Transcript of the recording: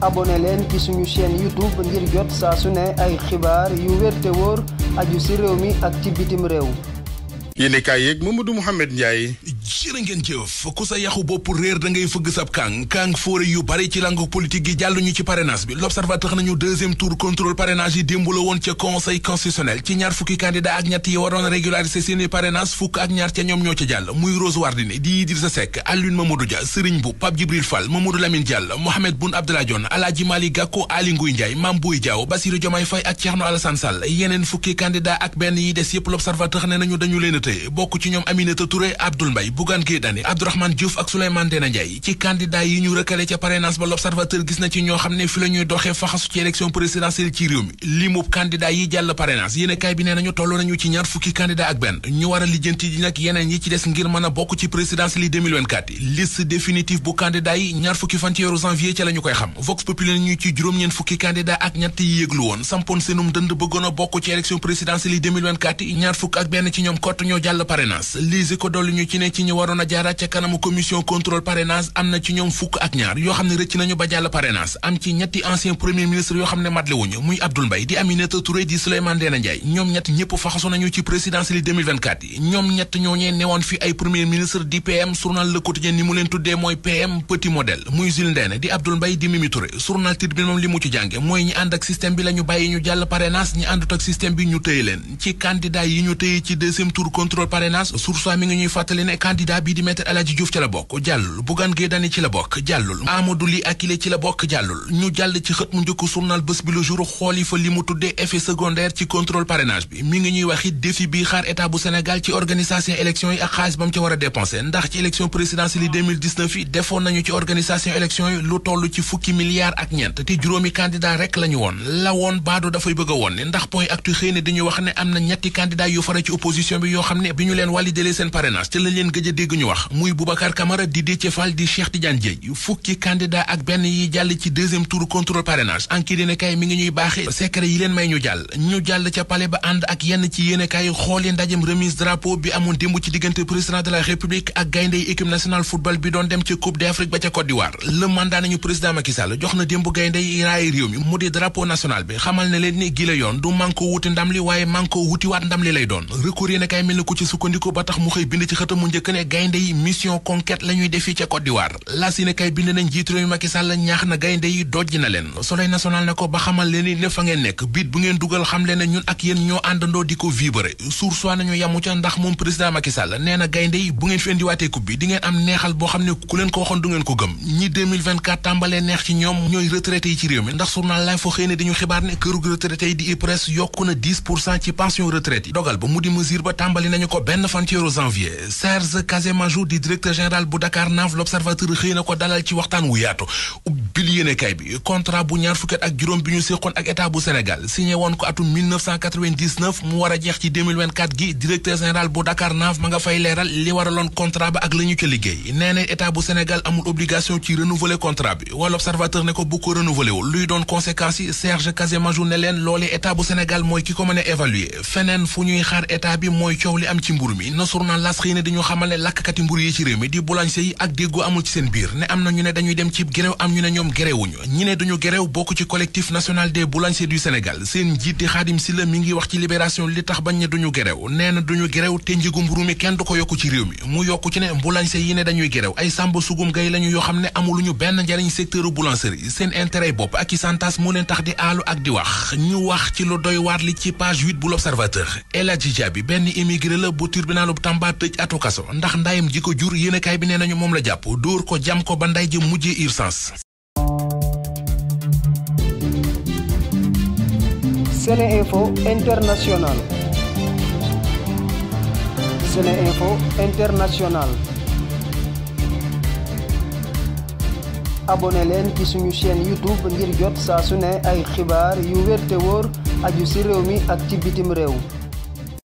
abonné leen ci suñu chaîne YouTube ngir jot saa su ne ay xibaar yu wér te wóor aju ci réew mi ak ci bitim réew. yéen a kaay yeeg Mamadou Mouhamed Ndiaye. jërë ngeen jëf ku sa yaxu bopp réer da fëgg sab kàng kàng fóore yu bari ci langu politique gi jàll ñu ci parrainage bi l'observateur nañu deuxième tour contrôle parrainage yi fukk ak ñaar ca ñoom ñoo ca jàll muy Rose Wardini di Idrissa Seck Alioune Mamadou Dia Serigne Mboup Pape Djibril Fall Mamadou Lamine Diallo Mohamed dañu leen a tëye bokk ci ñoom Aminata Touré Abdoul Mbaye Bougane Gueye Dany Abdourahmane Diouf ak Souleymane Ndéné ci candidat yi ñu rëkkale ca parrainage ba l'observateur gis na ci ñoo xam ne fi la ñuy faxasu ci élection présidentielle ci réew mi limub candidat yi jàll parrainage yéenekaay bi nee nañu toll nañu ci ñaar fukki candidat ak benn ñu war lijjanti di nag yeneen yi ci des ngir mën bokk ci présidentielle yi 2024 yi liste bu candidat yi ñaar fukki fan janvier ca la koy xam Vox Populi ñu waroon a jaaraat ca kanamu commission contrôle parrainage am na ci ñoom fukk ak ñaar yoo xam ne rëcc nañu ba jàll parrainage am ci ñetti ancien premier ministre yoo xam ne matle wuñu muy Abdoul Mbaye di Aminata Touré di Souleymane Ndéné Ndiaye ñoom ñett ñëpp faxasu nañu ci présidentielle 2024 ñoom ñett ñooñee newoon fi ay premier ministre di PM journal Le Quotidien ni mu leen tuddee mooy PM petit modèle muy Jules Ndéné di Abdoul Mbaye di Mimi Touré journal Tribune bi candidat bii di maître El Hadji Diouf la bokk jàllul Bougane Gueye Dany ci la bokk jàllul Amadou Ly Akile ci la bokk jàllul ñu jàll ci xët njëkk journal bés bi le jour xooli fa li mu tuddee effet secondaire ci contrôle parrainage bi mi ngi ñuy wax it défi xaar état bu Sénégal ci organisation élection yi ak xaalis ba ca war a dépensé ndax ci élection présidentielle yi defoon nañu ci organisation élection yi lu toll ci fukki milliards ak ñeent ja dégg ñu wax muy Boubacar Camara di Déthié Fall di Cheikh Tidiane Dièye fukki candidat ak benn yi jàll ci deuxième tour contrôle parrainage enquête yéenekaay mi ngi ñuy baaxe secret yi leen may ñu jàll ñu jàll ca palais ba ànd ak yenn ci yéenekaay xooli ndajem remise drapeau bi amoon démb ci diggante président de la république ak gayndey équipe nationale football bi doon dem ca coupe d'Afrique ba ca Côte d'Ivoire le mandat nañu président Macky Sall jox na démb gayndey raay réew mi di drapeau national bi xamal leen ni gi la yoon du manko wuti ndam li waaye manko wutiwaat ndam li doon recours yéenekaay mel na ku ci sukkandiku ba tax mu xëy tënk ne gaynde yi mission conquête la ñuy defi ca Côte d'Ivoire la bind nañ jiitu réew ñaax na gaynde yi dojj na leen soleil national ne ko ba xamal leen ni ne fa ngeen nekk biit bu ngeen dugal xam leen ne ñun ak yéen ñoo àndandoo di ko vibrer sursoi nañu yamu ca ndax moom président Macky Sall gaynde yi bu ngeen fi indiwaatee bi di am neexal boo xam ne ku leen ko waxoon du ngeen ko gëm ñi tàmbalee neex ci ñoom ñooy retraités Casamance Casemajou di directeur général bu Dakar Nav l'Observateur xëy na ko dalal ci waxtaan wu bil yéene kay bi contrat bu ñaar fukki at ak juróom bi ñu séqoon ak état bu Sénégal signé woon ko atum 1999 mu war a jeex ci gi directeur général bu Dakar Naaf ma nga fay leeral li waraloon contrat ba ak la ca liggéey nee na état bu Sénégal amul obligation ci renouveler contrat bi wala observateur ne ko bu ko renouveler wul luy doon conséquences yi Serge Casamajou ne leen loolee état bu Sénégal mooy ki ko mën a évaluer feneen fu ñuy xaar état bi mooy coow li am ci mi na journal L'As xëy na dañu xamal ne lakkati mburu yi ci seen biir ne am na ñu ne dañuy dem ci gréew itam gerewuñu ñi ne duñu gerew bokk ci collectif national des boulangers du Sénégal seen njiit di Xaadim Sylla mi ngi wax ci libération li tax bañ ne duñu gerew nee na duñu gerew te njëgu mburu mi kenn du ko yokk ci réew mi mu yokk ci ne boulanger yi ne dañuy gerew ay sàmba sugum gay lañu yoo xam ne amuluñu benn njariñ secteur boulangerie seen intérêt bopp ak i santas moo leen tax di aalu ak di wax ñu wax ci lu doy waat li ci page 8 bu l'Observateur El Hadji Diaby benn immigré la bu tribunalu Tamba tëj atu ndax ndayam ji ko jur yéenekaay bi nee nañu moom la jàpp dóor ko jam ko ba nday ji mujjee urgence Sene Info International Sene leen ci suñu chaîne YouTube ngir jot saa su ne ay xibaar yu wér wor wóor aju ci réew mi ak ci bitim réew